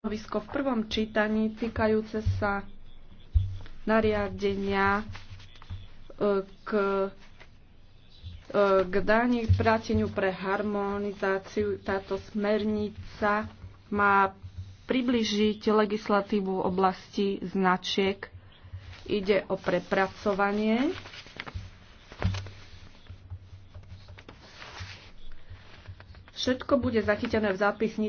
stanovisko v prvom čítaní týkajúce sa nariadenia e, k, e, k daní vráteniu pre harmonizáciu. Táto smernica má približiť legislatívu v oblasti značiek. Ide o prepracovanie. Všetko bude zachytené v zápisnici.